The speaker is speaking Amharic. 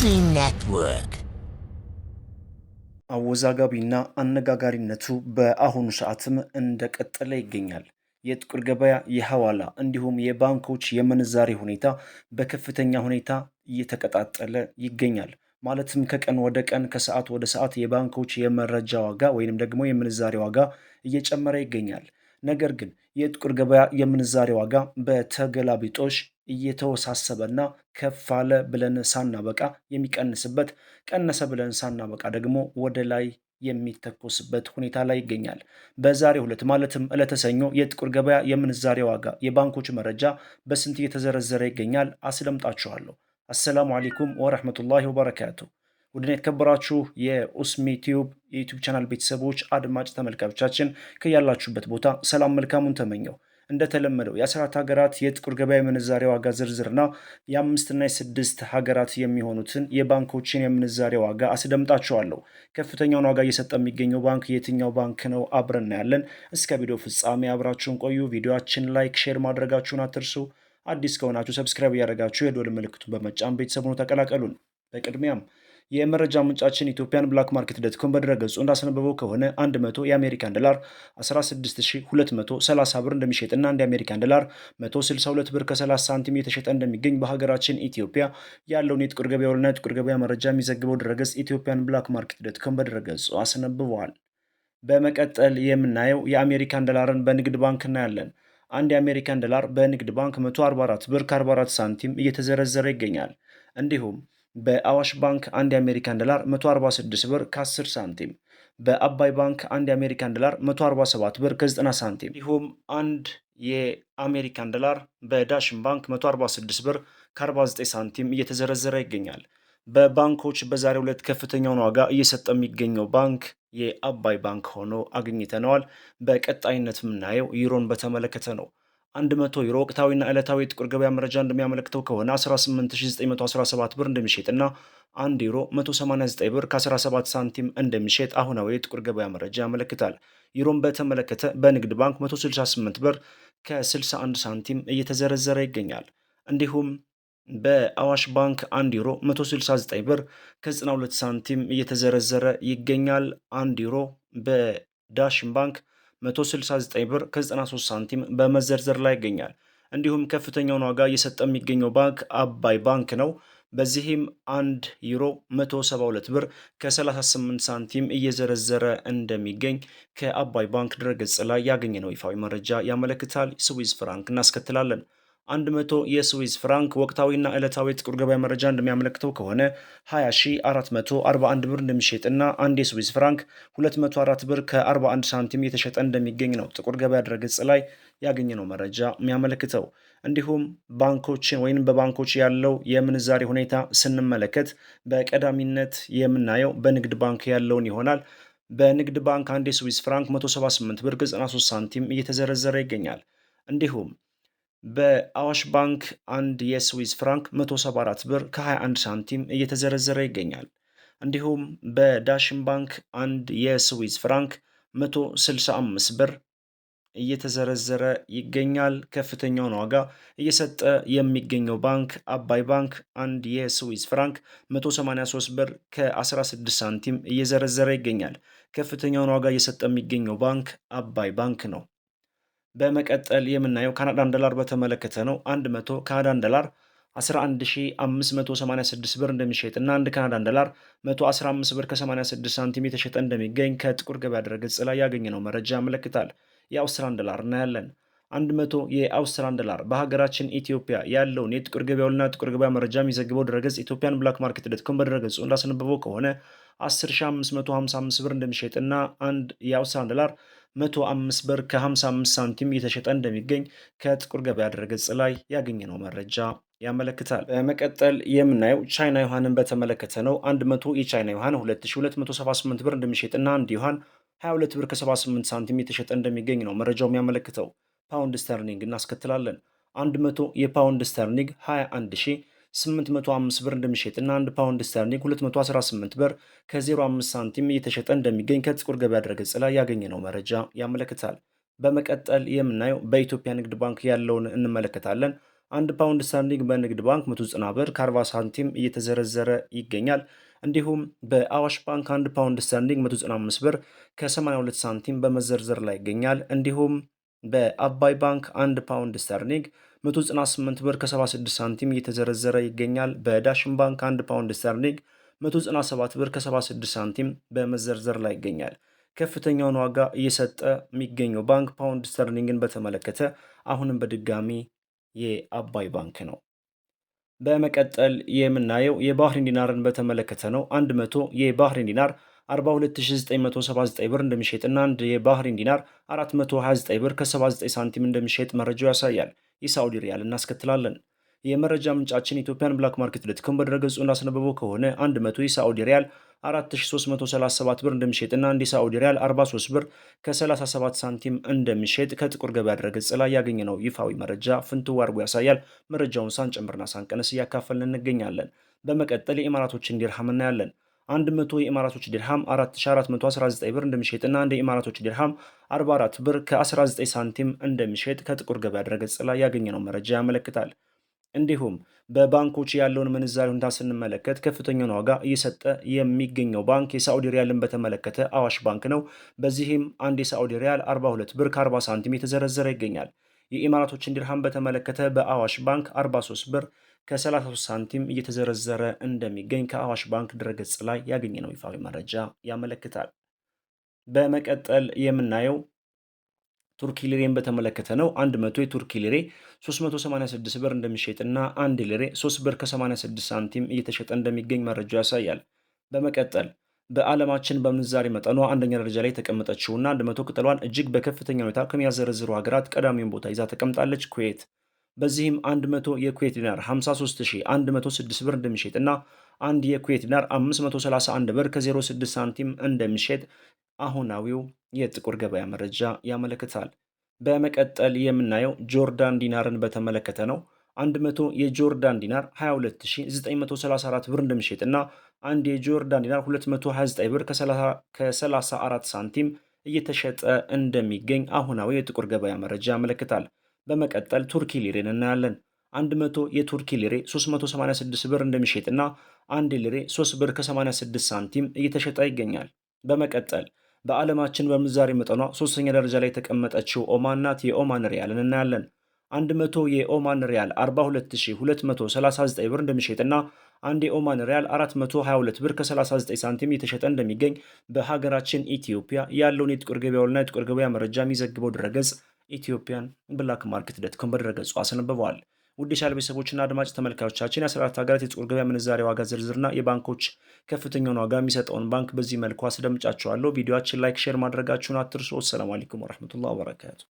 ኔትወርክ አወዛጋቢና አነጋጋሪነቱ በአሁኑ ሰዓትም እንደቀጠለ ይገኛል። የጥቁር ገበያ፣ የሐዋላ እንዲሁም የባንኮች የምንዛሬ ሁኔታ በከፍተኛ ሁኔታ እየተቀጣጠለ ይገኛል። ማለትም ከቀን ወደ ቀን ከሰዓት ወደ ሰዓት የባንኮች የመረጃ ዋጋ ወይንም ደግሞ የምንዛሬ ዋጋ እየጨመረ ይገኛል። ነገር ግን የጥቁር ገበያ የምንዛሬ ዋጋ በተገላቢጦሽ እየተወሳሰበና ከፍ አለ ብለን ሳናበቃ የሚቀንስበት ቀነሰ ብለን ሳናበቃ ደግሞ ወደ ላይ የሚተኮስበት ሁኔታ ላይ ይገኛል። በዛሬ ሁለት ማለትም ዕለተ ሰኞ የጥቁር ገበያ የምንዛሬ ዋጋ፣ የባንኮች መረጃ በስንት እየተዘረዘረ ይገኛል? አስደምጣችኋለሁ። አሰላሙ አሌይኩም ወረህመቱላሂ ወበረካቱ። ውድን የተከበራችሁ የኡስሚ ቲዩብ የዩቲዩብ ቻናል ቤተሰቦች አድማጭ ተመልካቾቻችን ከያላችሁበት ቦታ ሰላም መልካሙን ተመኘው። እንደተለመደው የአስራት ሀገራት የጥቁር ገበያ የምንዛሬ ዋጋ ዝርዝርና የአምስትና የስድስት ሀገራት የሚሆኑትን የባንኮችን የምንዛሬ ዋጋ አስደምጣቸዋለሁ። ከፍተኛውን ዋጋ እየሰጠ የሚገኘው ባንክ የትኛው ባንክ ነው? አብረን ያለን እስከ ቪዲዮ ፍጻሜ አብራችሁን ቆዩ። ቪዲዮችን ላይክ፣ ሼር ማድረጋችሁን አትርሱ። አዲስ ከሆናችሁ ሰብስክራይብ እያደረጋችሁ የዶል ምልክቱን በመጫን ቤተሰቡን ተቀላቀሉን። በቅድሚያም የመረጃ ምንጫችን ኢትዮጵያን ብላክ ማርኬት ዶትኮም በድረገጹ እንዳስነበበው ከሆነ 100 የአሜሪካን ዶላር 16230 ብር እንደሚሸጥና እንደ አሜሪካን ዶላር 162 ብር ከ30 ሳንቲም የተሸጠ እንደሚገኝ በሀገራችን ኢትዮጵያ ያለውን የጥቁር ገበያውንና የጥቁር ገበያ መረጃ የሚዘግበው ድረገጽ ኢትዮጵያን ብላክ ማርኬት ዶትኮም በድረገጹ አስነብበዋል። በመቀጠል የምናየው የአሜሪካን ዶላርን በንግድ ባንክ እናያለን። አንድ የአሜሪካን ዶላር በንግድ ባንክ 144 ብር ከ44 ሳንቲም እየተዘረዘረ ይገኛል። እንዲሁም በአዋሽ ባንክ አንድ የአሜሪካን ዶላር 146 ብር ከ10 ሳንቲም፣ በአባይ ባንክ አንድ የአሜሪካን ዶላር 147 ብር ከ90 ሳንቲም እንዲሁም አንድ የአሜሪካን ዶላር በዳሽን ባንክ 146 ብር ከ49 ሳንቲም እየተዘረዘረ ይገኛል። በባንኮች በዛሬ ሁለት ከፍተኛውን ዋጋ እየሰጠ የሚገኘው ባንክ የአባይ ባንክ ሆኖ አግኝተነዋል። በቀጣይነት የምናየው ዩሮን በተመለከተ ነው። 100 ዩሮ ወቅታዊና ዕለታዊ የጥቁር ገበያ መረጃ እንደሚያመለክተው ከሆነ 18917 ብር እንደሚሸጥና 1 ዩሮ 189 ብር ከ17 ሳንቲም እንደሚሸጥ አሁናዊ የጥቁር ገበያ መረጃ ያመለክታል። ዩሮን በተመለከተ በንግድ ባንክ 168 ብር ከ61 ሳንቲም እየተዘረዘረ ይገኛል። እንዲሁም በአዋሽ ባንክ 1 ዩሮ 169 ብር ከ92 ሳንቲም እየተዘረዘረ ይገኛል። 1 ዩሮ በዳሽን ባንክ 169 ብር ከ93 ሳንቲም በመዘርዘር ላይ ይገኛል። እንዲሁም ከፍተኛውን ዋጋ እየሰጠ የሚገኘው ባንክ አባይ ባንክ ነው። በዚህም 1 ዩሮ 172 ብር ከ38 ሳንቲም እየዘረዘረ እንደሚገኝ ከአባይ ባንክ ድረገጽ ላይ ያገኘነው ይፋዊ መረጃ ያመለክታል። ስዊዝ ፍራንክ እናስከትላለን። 100 የስዊዝ ፍራንክ ወቅታዊና ዕለታዊ ጥቁር ገበያ መረጃ እንደሚያመለክተው ከሆነ 20441 ብር እንደሚሸጥና አንድ የስዊዝ ፍራንክ 204 ብር ከ41 ሳንቲም የተሸጠ እንደሚገኝ ነው ጥቁር ገበያ ድረገጽ ላይ ያገኘነው መረጃ የሚያመለክተው። እንዲሁም ባንኮችን ወይም በባንኮች ያለው የምንዛሬ ሁኔታ ስንመለከት በቀዳሚነት የምናየው በንግድ ባንክ ያለውን ይሆናል። በንግድ ባንክ አንድ የስዊዝ ፍራንክ 178 ብር 93 ሳንቲም እየተዘረዘረ ይገኛል። እንዲሁም በአዋሽ ባንክ አንድ የስዊዝ ፍራንክ 174 ብር ከ21 ሳንቲም እየተዘረዘረ ይገኛል። እንዲሁም በዳሽን ባንክ አንድ የስዊዝ ፍራንክ 165 ብር እየተዘረዘረ ይገኛል። ከፍተኛውን ዋጋ እየሰጠ የሚገኘው ባንክ አባይ ባንክ አንድ የስዊዝ ፍራንክ 183 ብር ከ16 ሳንቲም እየዘረዘረ ይገኛል። ከፍተኛውን ዋጋ እየሰጠ የሚገኘው ባንክ አባይ ባንክ ነው። በመቀጠል የምናየው ካናዳን ዶላር በተመለከተ ነው። 100 ካናዳን ዶላር 11586 ብር እንደሚሸጥ እና አንድ ካናዳን ዶላር 115 ብር ከ86 ሳንቲም የተሸጠ እንደሚገኝ ከጥቁር ገበያ ድረገጽ ላይ ያገኘነው መረጃ ያመለክታል። የአውስትራን ዶላር እናያለን። 100 የአውስትራን ዶላር በሀገራችን ኢትዮጵያ ያለውን የጥቁር ገበያውና ጥቁር ገበያ መረጃ የሚዘግበው ድረገጽ ኢትዮጵያን ብላክ ማርኬት ዶት ኮም በድረገጹ እንዳስነበበው ከሆነ 10555 ብር እንደሚሸጥና አንድ የአውስትራሊያን ዶላር 105 ብር ከ55 ሳንቲም እየተሸጠ እንደሚገኝ ከጥቁር ገበያ ድረገጽ ላይ ያገኘነው መረጃ ያመለክታል። በመቀጠል የምናየው ቻይና ዩሃንን በተመለከተ ነው። 100 የቻይና ዩሃን 2278 ብር እንደሚሸጥና አንድ ዩሃን 22 ብር ከ78 ሳንቲም የተሸጠ እንደሚገኝ ነው መረጃው የሚያመለክተው። ፓውንድ ስተርሊንግ እናስከትላለን። 100 የፓውንድ ስተርሊንግ 21 805 ብር እንደሚሸጥና አንድ ፓውንድ ስተርሊንግ 218 ብር ከ05 ሳንቲም እየተሸጠ እንደሚገኝ ከጥቁር ገበያ ድረገጽ ላይ ያገኘነው መረጃ ያመለክታል። በመቀጠል የምናየው በኢትዮጵያ ንግድ ባንክ ያለውን እንመለከታለን። አንድ ፓውንድ ስተርሊንግ በንግድ ባንክ 190 ብር ከ40 ሳንቲም እየተዘረዘረ ይገኛል። እንዲሁም በአዋሽ ባንክ አንድ ፓውንድ ስተርሊንግ 195 ብር ከ82 ሳንቲም በመዘርዘር ላይ ይገኛል። እንዲሁም በአባይ ባንክ አንድ ፓውንድ ስተርሊንግ 198 ብር ከ76 ሳንቲም እየተዘረዘረ ይገኛል። በዳሽን ባንክ 1 ፓውንድ ስተርሊንግ 197 ብር ከ76 ሳንቲም በመዘርዘር ላይ ይገኛል። ከፍተኛውን ዋጋ እየሰጠ የሚገኘው ባንክ ፓውንድ ስተርሊንግን በተመለከተ አሁንም በድጋሚ የአባይ ባንክ ነው። በመቀጠል የምናየው የባህሪን ዲናርን በተመለከተ ነው። 100 የባህሪን ዲናር 42979 ብር እንደሚሸጥና አንድ የባህሪን ዲናር 429 ብር ከ79 ሳንቲም እንደሚሸጥ መረጃው ያሳያል። የሳዑዲ ሪያል እናስከትላለን። የመረጃ ምንጫችን ኢትዮጵያን ብላክ ማርኬት ዶትኮም በድረገጹ እንዳስነበበው ከሆነ 100 የሳዑዲ ሪያል 4337 ብር እንደሚሸጥና አንድ የሳዑዲ ሪያል 43 ብር ከ37 ሳንቲም እንደሚሸጥ ከጥቁር ገበያ ድረገጽ ላይ ያገኘነው ይፋዊ መረጃ ፍንትው አድርጎ ያሳያል። መረጃውን ሳንጨምርና ሳንቀነስ እያካፈልን እንገኛለን። በመቀጠል የኢማራቶችን ዲርሃም እናያለን። 100 የኢማራቶች ድርሃም 4419 ብር እንደሚሸጥና አንድ የኢማራቶች ድርሃም 44 ብር ከ19 ሳንቲም እንደሚሸጥ ከጥቁር ገበያ ድረገጽ ላይ ያገኘነው መረጃ ያመለክታል። እንዲሁም በባንኮች ያለውን ምንዛሪ ሁኔታ ስንመለከት ከፍተኛውን ዋጋ እየሰጠ የሚገኘው ባንክ የሳዑዲ ሪያልን በተመለከተ አዋሽ ባንክ ነው። በዚህም አንድ የሳዑዲ ሪያል 42 ብር ከ40 ሳንቲም የተዘረዘረ ይገኛል። የኢማራቶችን ድርሃም በተመለከተ በአዋሽ ባንክ 43 ብር ከ33 ሳንቲም እየተዘረዘረ እንደሚገኝ ከአዋሽ ባንክ ድረገጽ ላይ ያገኘነው ይፋዊ መረጃ ያመለክታል። በመቀጠል የምናየው ቱርኪ ሊሬን በተመለከተ ነው። 100 የቱርኪ ሊሬ 386 ብር እንደሚሸጥና 1 ሊሬ 3 ብር ከ86 ሳንቲም እየተሸጠ እንደሚገኝ መረጃው ያሳያል። በመቀጠል በዓለማችን በምንዛሬ መጠኗ አንደኛ ደረጃ ላይ የተቀመጠችውና 100 ቅጠሏን እጅግ በከፍተኛ ሁኔታ ከሚያዘረዝሩ ሀገራት ቀዳሚውን ቦታ ይዛ ተቀምጣለች ኩዌት በዚህም 100 የኩዌት ዲናር 53106 ብር እንደሚሸጥ እና አንድ የኩዌት ዲናር 531 ብር ከ06 ሳንቲም እንደሚሸጥ አሁናዊው የጥቁር ገበያ መረጃ ያመለክታል። በመቀጠል የምናየው ጆርዳን ዲናርን በተመለከተ ነው። 100 የጆርዳን ዲናር 22934 ብር እንደሚሸጥ እና አንድ የጆርዳን ዲናር 229 ብር ከ34 ሳንቲም እየተሸጠ እንደሚገኝ አሁናዊ የጥቁር ገበያ መረጃ ያመለክታል። በመቀጠል ቱርኪ ሊሬን እናያለን። 100 የቱርኪ ሊሬ 386 ብር እንደሚሸጥና አንድ ሊሬ 3 ብር ከ86 ሳንቲም እየተሸጠ ይገኛል። በመቀጠል በዓለማችን በምንዛሬ መጠኗ ሶስተኛ ደረጃ ላይ የተቀመጠችው ኦማን ናት። የኦማን ሪያልን እናያለን። 100 የኦማን ሪያል 42239 ብር እንደሚሸጥና አንድ የኦማን ሪያል 422 ብር ከ39 ሳንቲም እየተሸጠ እንደሚገኝ በሀገራችን ኢትዮጵያ ያለውን የጥቁር ገበያውና የጥቁር ገበያ መረጃ የሚዘግበው ድረገጽ ኢትዮጵያን ብላክ ማርኬት ዶት ኮም በድረገጹ አስነብበዋል። ውድ የቻናል ቤተሰቦችና አድማጭ ተመልካዮቻችን የአስራ አራት ሀገራት የጥቁር ገበያ ምንዛሬ ዋጋ ዝርዝርና የባንኮች ከፍተኛውን ዋጋ የሚሰጠውን ባንክ በዚህ መልኩ አስደምጫችኋለሁ። ቪዲዮችን ላይክ፣ ሼር ማድረጋችሁን አትርሱ። ሰላም አለይኩም ወረህመቱላህ ወበረካቱ